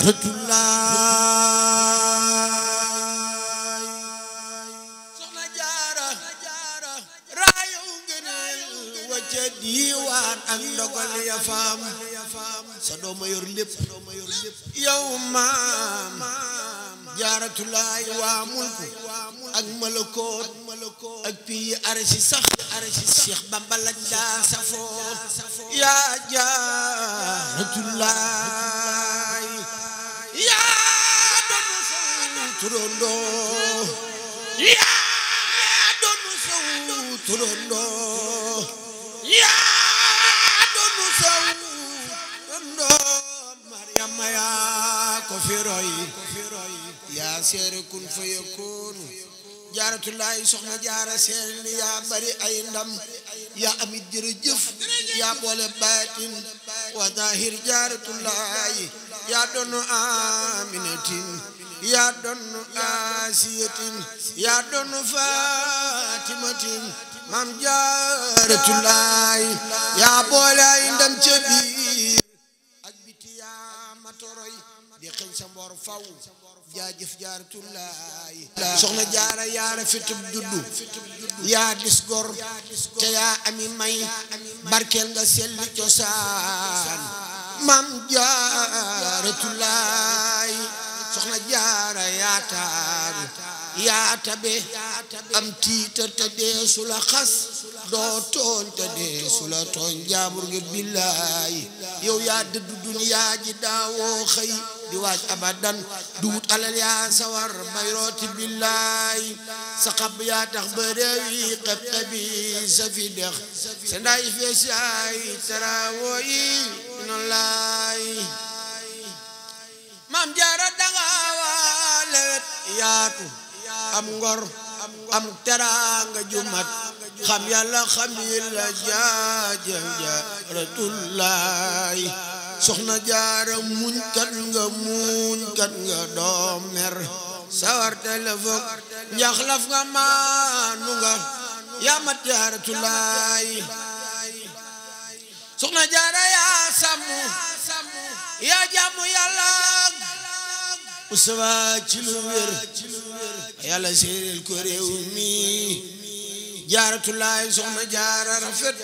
raxmatullaay soxna jaara raayaw ngëneel wacce diiwaan ya faam sa dooma yor lépp yow maam waa mulku ak malakoot ak piyi arasi sax arasi Cheikh Bamba lañ daa safoo yaa jaaratulaay turondo yaa doonu saw turondo yaa doonu saw turondo Mariama yaa ko fi roy yaa seere kun fa yakoonu jaaratulaay soxna jaara seen yaa bari ay yaa amit jërëjëf yaa boole baatin wa zahir jaaratulaay yaa doon Aminatin yaa doon Asiyatin yaa doon Fatimatin maam Jaaratulaay yaa boole ay ndam ca biti yaa matoroy di xëñ sa faw jaajëf Jaaratulaay soxna jaara yaara fitub juddu yaa dis te yaa ami may barkeel nga selli cosaan mam jaaratulaay soxna jaara yaataaru yaata be am tiita te deesu la xas doo tooñ te deesu la tooñ jaabur ngir billaay yow yaa dëddu duniyaa ji daawoo xëy di waaj abadan du alal yaa sawar bay rooti billaay sa xab yaa tax ba réew yi xeb sa fi dex sa ndaay fees yaay taraawoo yi na maam jaara danga waa yaatu am ngor am teraanga jumat xam yàlla xam yi la jaajëf jaaratullaay soxna jaara muñ nga muñ kat nga doom mer sawar telefon njaxlaf nga maanu nga yaa mat jaaratullaay soxna jaara yaa sàmm yaa jaamu yàlla Mustafa ci lu wér ko réew mi jaaratulaay soxna jaara rafet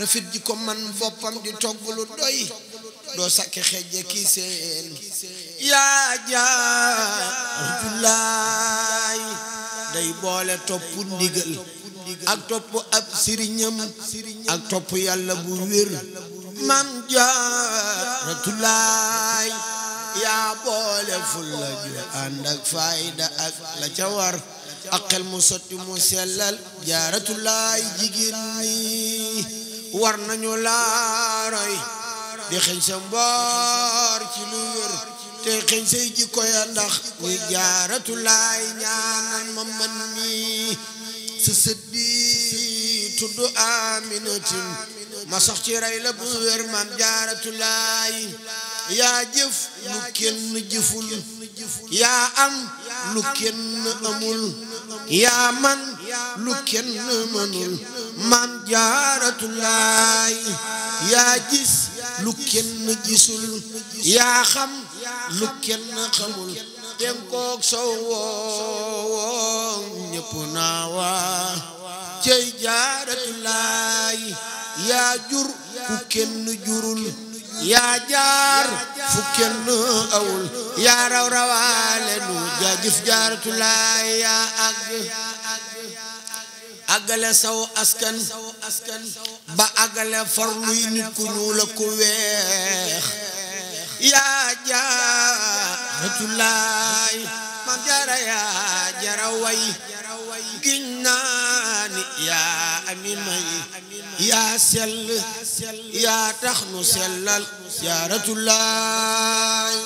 rafet ji ko man boppam di togg lu doy doo sakki xejje kii seen yaa jaaratullaay day boole topp ndigal ak topp ab sëriñam ak topp yàlla bu wér maam jaaratulaay yaa boole fulla ju ànd ak ak la ca ak xel sotti mu sellal jaaratulaay jigéen ñi war nañu laaroy di xeñ sa mboor ci lu wér te xeñ say jikko ya ndax muy jaaratulaay ñaanal ma man sa sët bi tudd aminatin ma sax ci rey la bu wér maam jaaratulaay yaa jëf lu kenn jëful yaa am lu kenn amul yaa man lu kenn mënul maam jaaratulaay yaa gis lu kenn gisul yaa xam lu kenn xamul penkook sowoo ñëpp naa waa cey jaaratulaay yaa jur ku kenn jurul yaa jaar fu kenn awul yaa raw rawaale nu jaajëf jaaratulaay yaa àgg àggale saw askan ba àggale farluy nit ku ñuul ak ku weex yaa jaaratullaay mam jaara yaa jara way giñ naa ni yaa ami may yaa sell yaa tax nu sellal jaaratullaay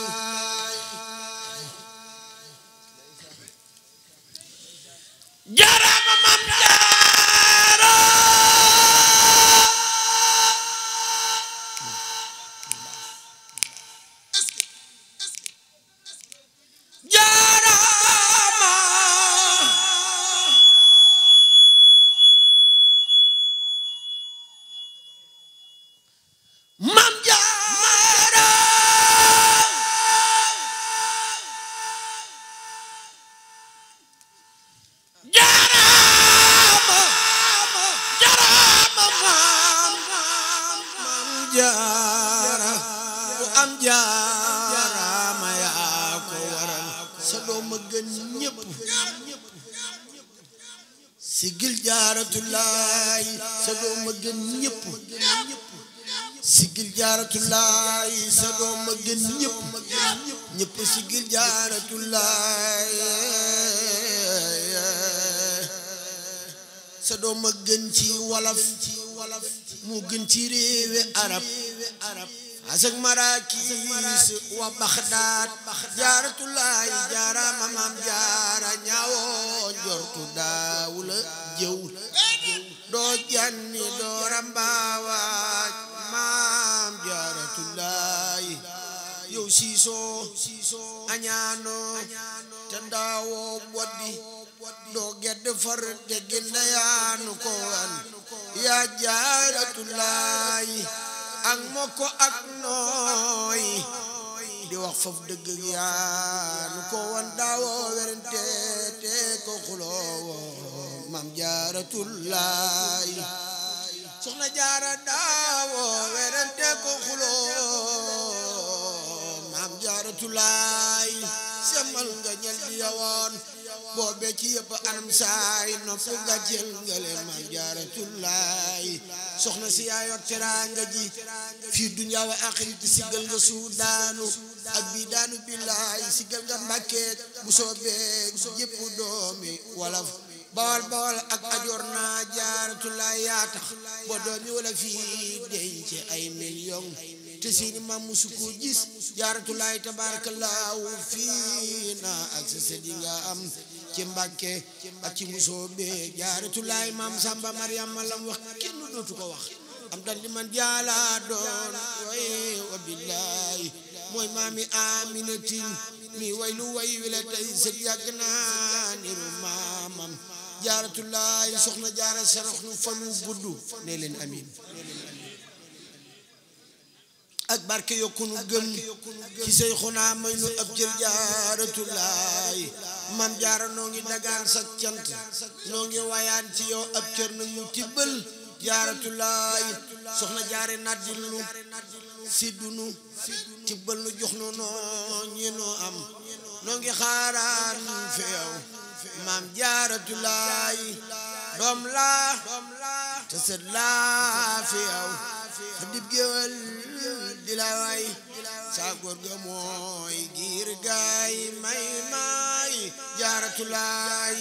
jaara ma mam jaara jaaratullaay sa doom a gën ñëpp ñëpp si gil gën ci wolof mu gën ci réewi arab asak marakiis wa baxdaat jaaratullaay jaara mamaam jaara ñaawoon jortu daawula jëw doo janni doo rambaawa siisoo añaanoo te ndaawoo boddi doo gedde far deggil na yaanu ko an yaa jaaratullaayi ak mokko ak nooy di wax faf dëgg yaanu ko wan daawoo werante te ko xuloowoo mam jaaratullaayi soxna jaara daawoo werante ko xuloo jaaratulaay semal nga ñel di yawoon boobe ci yëpp anam saay nopp nga jël nga leen maam jaaratulaay soxna si yaayoot teraanga ji fii dunya wa axiriti siggal nga suudaanu ak bi daanu billaay siggal nga mbàkkeek bu soobee yëpp doomi wala bawal bawal ak ajoor naa jaaratulaay yaa tax boo doomi wala fii denc ay million te seeni maam musu ko gis jaaratulaay tabaarakallaahu fii ak sa sëddi nga am ci mbàkke ak ci musoo bee jaaratulaay maam samba mariam malam wax kenn dootu ko wax am tan li man jaalaa doon way wa billaay mooy maami aminatin mi lu way ne leen amin ak barke yokkunu gëm ci say xunaa may nu ab cër jaaratulaay mam jaara noo ngi dagaan sa cant noo ngi wayaan ci yow ab cër na ñu tibbal jaaratulaay soxna jaare naddil nu siddu nu tibbal nu jox nu noo ñi nu am noo ngi xaaraan fi yow maam jaaratulaay doom laa te laa fi sa dib géwél di la way sa giir gaay may may jaaratulaay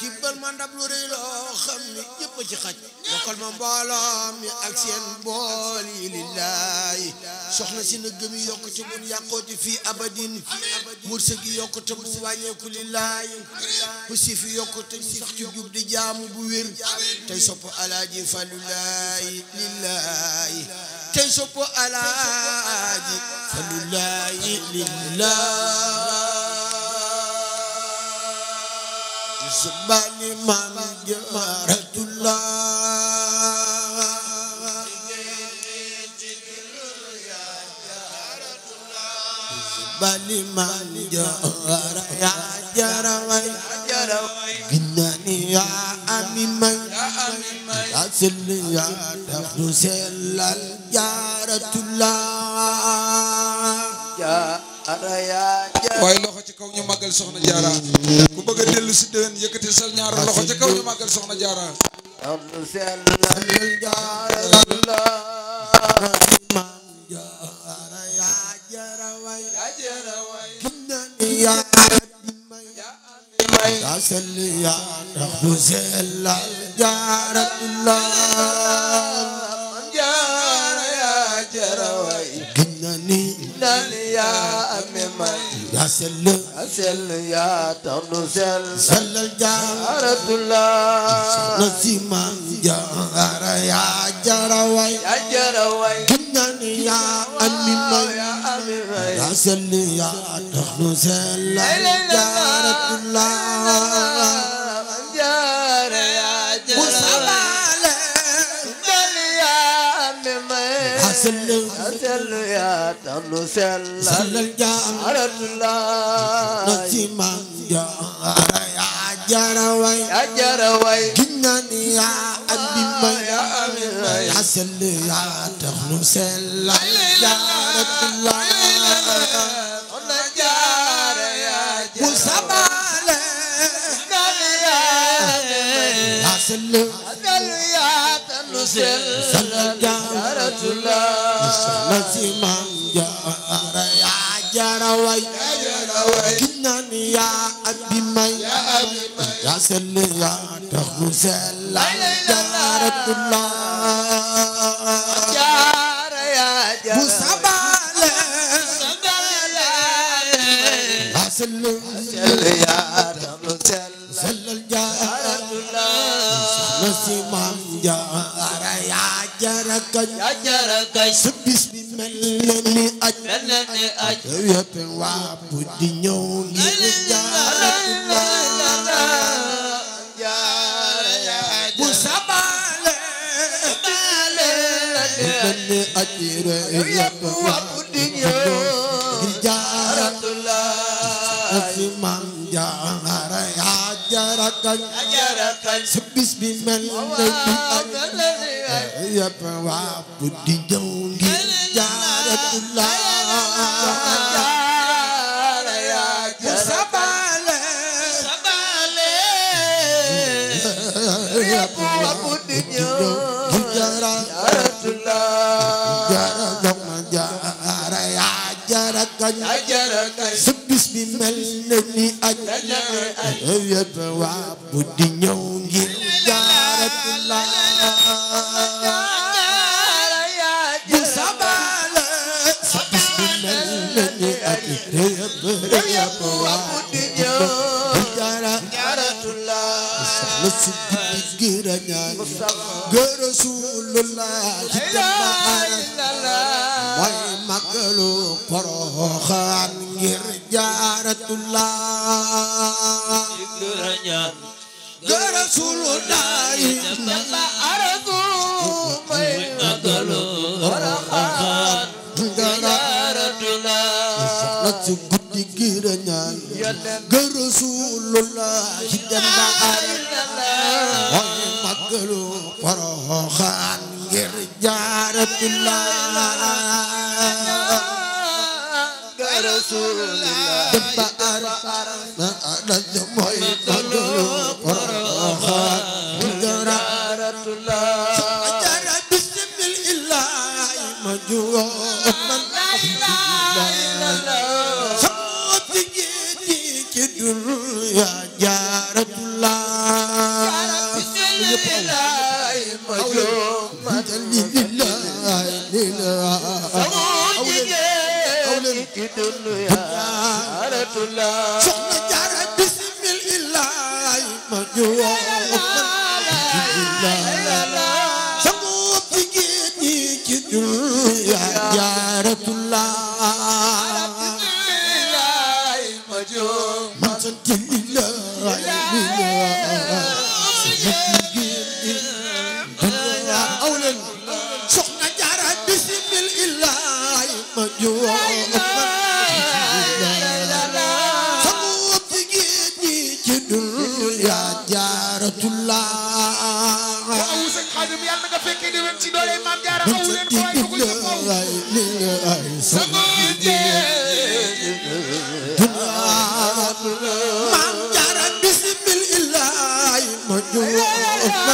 tibbal ma ndab lu rëy loo xam ni ci xaj bokkal ma mbooloo mi ak seen bool yi lillaahi si na gëm yi yokk te mun yàqooti abadin mursa gi yokk te pusi fi yokk te sax di jaamu bu wér tey sopp alaaji falulaahi lillaahi tey sopp Subani man jamaratullah Subani man jara ya jara way jara ginani ya amiman waaye loxo ci kaw ñu màggal soxna jaara ku bëgg a dellu si déwén sa ñaar loxo ci kaw ñu màggal soxna jaara أسل أسل يا تنزل سل الجارة الله نسيما جار يا جروي يا جروي جنان يا أميم يا سل يا تنزل الجارة الله sell yaa tanu sellal sellal jaam alhamdulilah na ci man jaara yaa jaara way yaa jaara way ginnani yaa andi ma yaa amina yaa sell yaa tanu sellal jaaratulah na jaara yaa jaara mu sabale nani yaa yaa sell yaa tanu sellal nasiman jara ya jaraway ginnaan ya abi may ya sell ya taxu sella jaratullah jara ya jara bu sabale sabale ya sell ya taxu sella jaratullah nasiman jara ya jaraka ya jaraka yëppin waa bu di ñëw ngir jaaratullaah bu sabale benn ajire waa bu di ñëw ngir jaaratullaah asi man jaara yaa bi waa bu di ñëw su bis bi mel ne ni aj yëpp waa bu di ñëw poroxaan ngir jaaratullah garasulullah la aradu may agalu poroxaan jaaratullah na ci guddi gi rañaan garasulullah dem na aradu rasulullah ba ara ma ala moy dulu qaraha mudaratullah ajara bismil illah maju man la ilaha illallah sabti ki ki dul ya jaratullah bismil illah soxna jaara bismillah ma ñu woo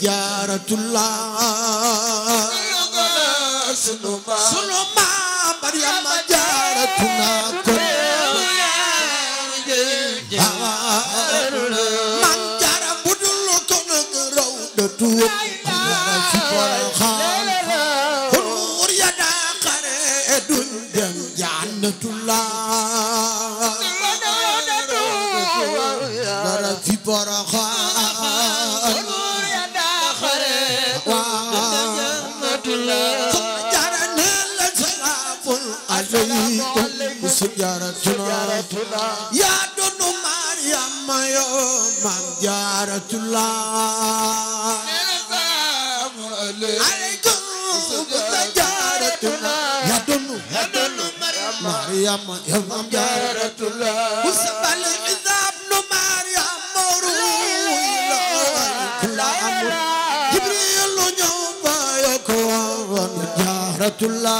Jaratullah sunu ma sunu ma Maryama jaratuna sujaaratuna yaa doono Mariama yoo maam jaaratula aleykum sujaaratuna yaa doono Mariama yoo maam jaaratula usbal izaab no Mariama ruula Jibril ñoo ma yoo ko woon jaaratula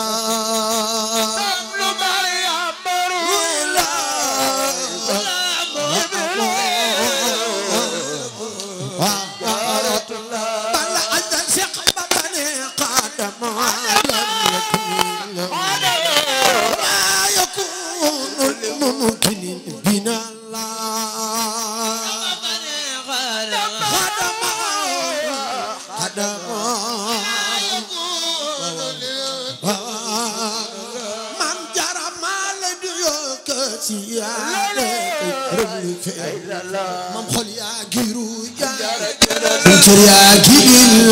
سمتر يا جميل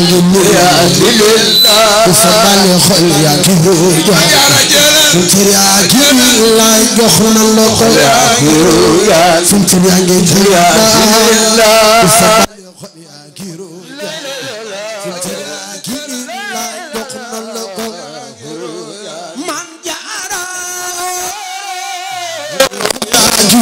يا جليل وفضل خل يا جميل سمتر يا جميل لا يخلنا الله يا جميل سمتر يا جميل يا جليل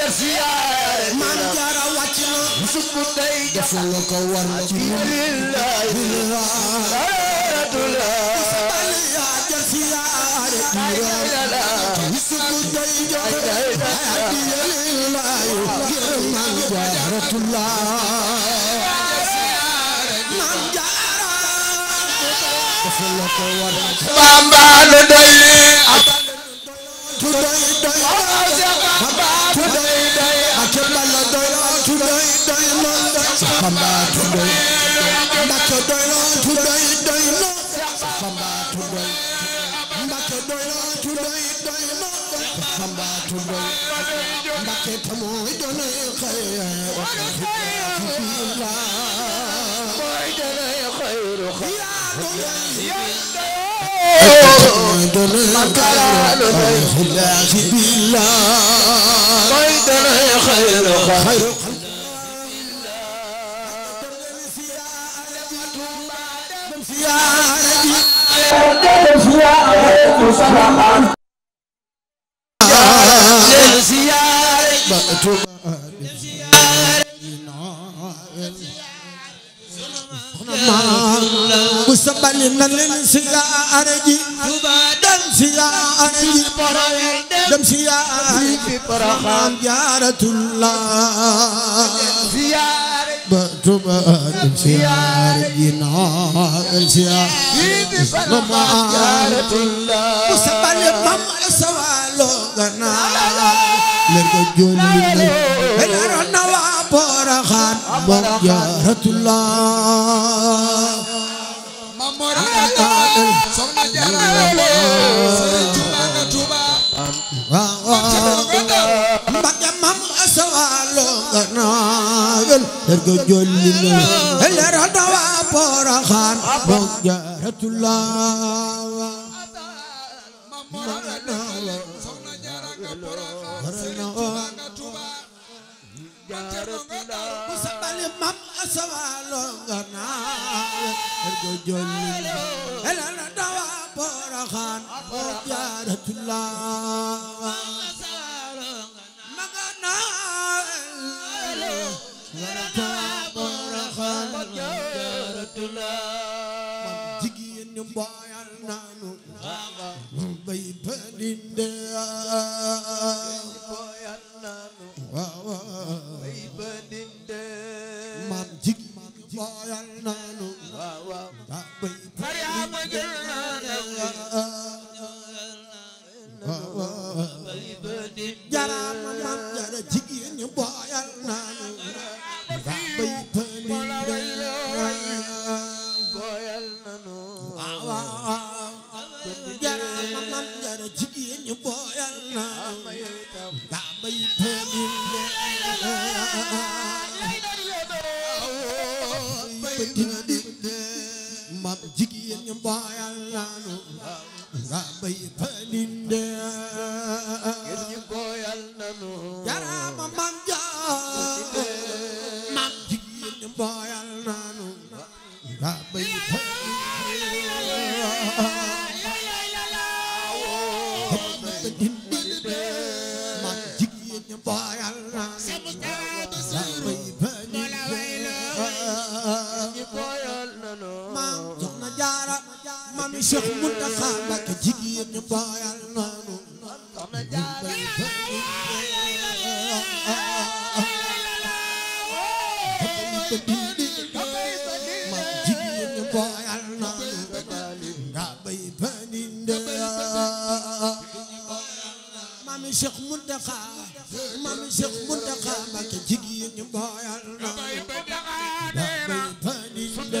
jar siyaare man jaara wàcc na musu bu day def la ko war ci billahi billahi bamba lu doy Yeah. مكان الخلاف بالله بيتنا خير خير ما mu sabali na leen siyaare ji dem siyaare ji dem siyaare ji maam jaaratullah بتبادل سيارجنا السيارة ممارة الله وسبل مم سوالو غنا لرجل لرجل نوا poroxaan moom jaaratullah mam moraal soxna jaarale sëriñ Tuuba na Tuuba mbagge mam asawaalo nga naagal dergo jolli na leerata waa poroxaan moom jaaratullah mam moraal soxna jaarale jaaratilaa ku sabali mam asawalo ganaawe ergo jolli elana dawa poraxaan o jaaratilaa maganaawe warata poraxaan o jaaratilaa mam jigéen ñu mboyal naanu bay palinde mboyal naanu way ba dinde maam jig booyal naanu mariama jël naanu jaraama maam jara jigéen ñi booyal naanu bay ba booyal naanu jaraama maam jara jigéen ñi booyal naanu bay ninde mami Cheikh Mountakha mami Cheikh Mountakha Mbacké jigéen ñi boyal na ba ninde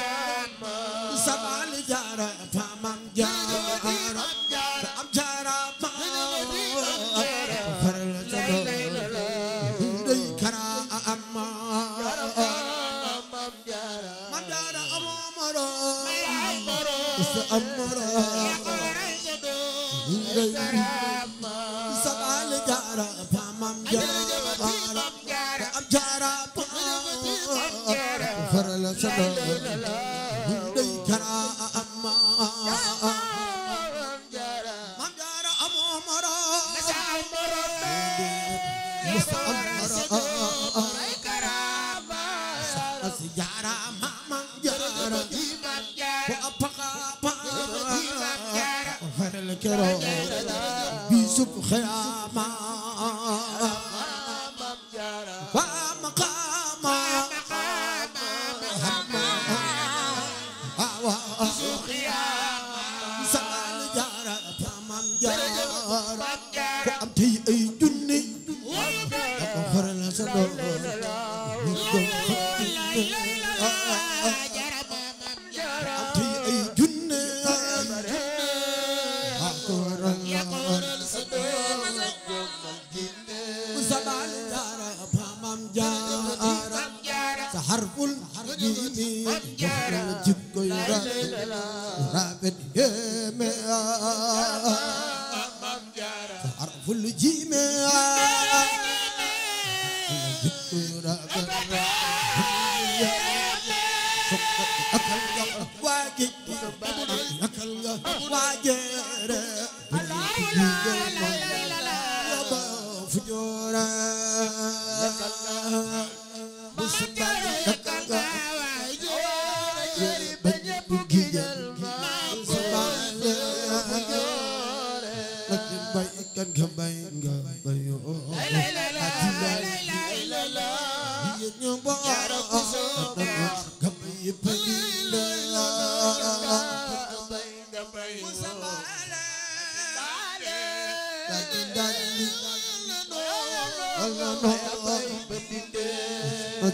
fujura Yalla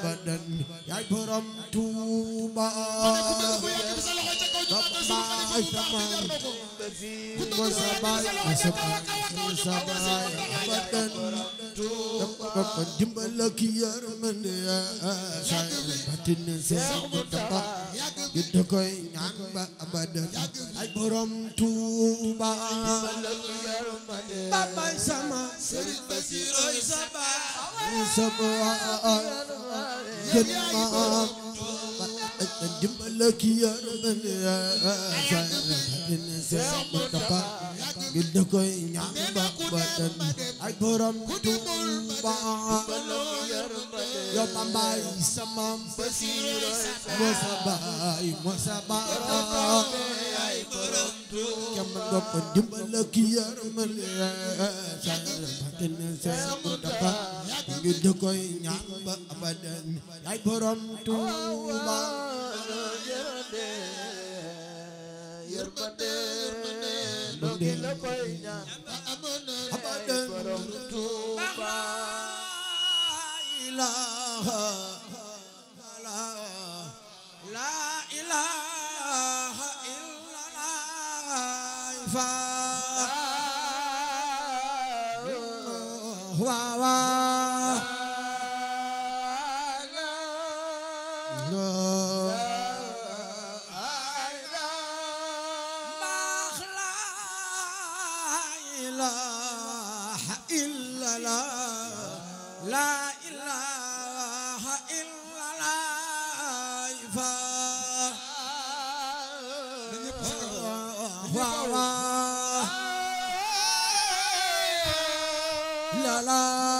abadan yaay borom Tuuba ay samaan mu sabaay ay samaan mu sabaay abadan dama ko dimbal ak yërmande saa yi batin seen ko dama gëdd koy ñaan ba abadan ay borom Tuuba babaay sama Sëriñ Basiru ay sabaay mu sabaay gën maam dimbale ki yor benn koy ñaan ba ba ay borom Tuuba yo bambay sama basira mo sabay mo sabay ay borom Tuuba kam do ko dimbale ki yor benn koy ñaan ba ba ay borom Tuuba yërmande yërmande lu ngi la koy ñaan amoon na borom Tuuba ilaaha la la